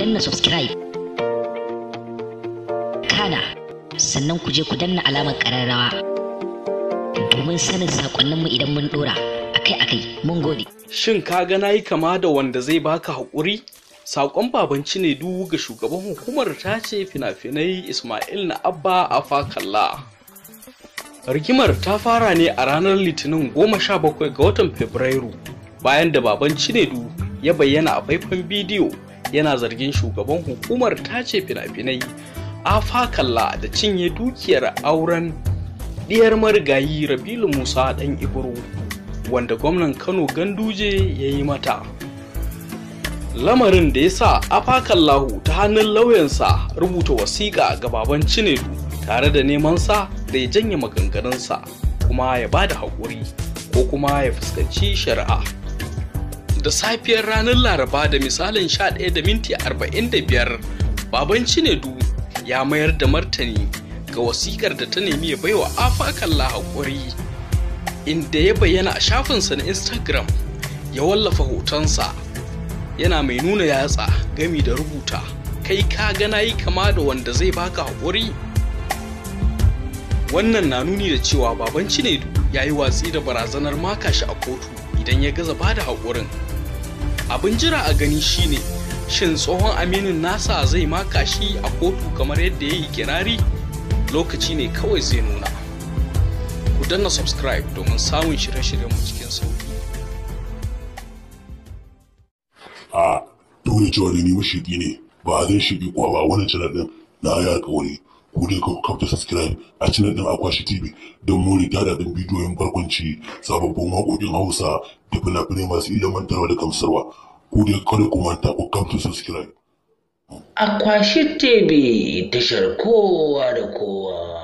danna subscribe kana sannan ku je ku danna alamar ƙararrawa domin sanin saƙonninmu idan mun ɗora akai-akai mun gode. Shin ka ga na yi kama da wanda zai baka haƙuri? Saƙon babanci ne duk ga shugaban hukumar ta fina-finai Ismail na Abba Afakalla. Rigimar ta fara ne a ranar Litinin 17 ga watan Fabrairu bayan da baban Cinedu ya bayyana a faifan bidiyo yana zargin shugaban hukumar tace fina-finai afakalla da cinye dukiyar auren diyar marigayi rabilu musa dan ibro wanda gwamnan kano ganduje ya yi mata lamarin da ya sa afakallahu ta hannun lauyansa rubuta wasiƙa ga baban cinedu tare da neman sa da ya janye maganganunsa kuma ya ba da haƙuri ko kuma ya fuskanci shari'a da safiyar ranar laraba da misalin sha ɗaya da minti arba'in da biyar, baban cinedu ya mayar da martani ga wasikar da ta nemi ya baiwa afakalla haƙuri inda ya bayyana a shafinsa na instagram ya wallafa hotonsa yana mai nuna yatsa gami da rubuta kai ka gana yi kama da wanda zai baka haƙuri wannan na nuni da cewa baban cinedu ya yi watsi da barazanar maka shi a kotu idan ya gaza ba da haƙurin abin jira a gani shine shin tsohon aminin nasa zai maka shi a kotu kamar yadda ya yi kirari lokaci ne kawai zai nuna ku danna subscribe domin samun shirye-shiryen mu cikin sauki a dole cewa da ni mashigi ne ba zai shiga kwa ba wani cinaɗin na ya ƙauri ku dai ku kafa subscribe a channel din Akwashi TV don more dadadin bidiyoyin barkwanci sababbin waƙoƙin Hausa da fina-finai masu ilimantarwa da gamsarwa ku dai kada ku manta ku kafa subscribe Akwashi TV tashar kowa da kowa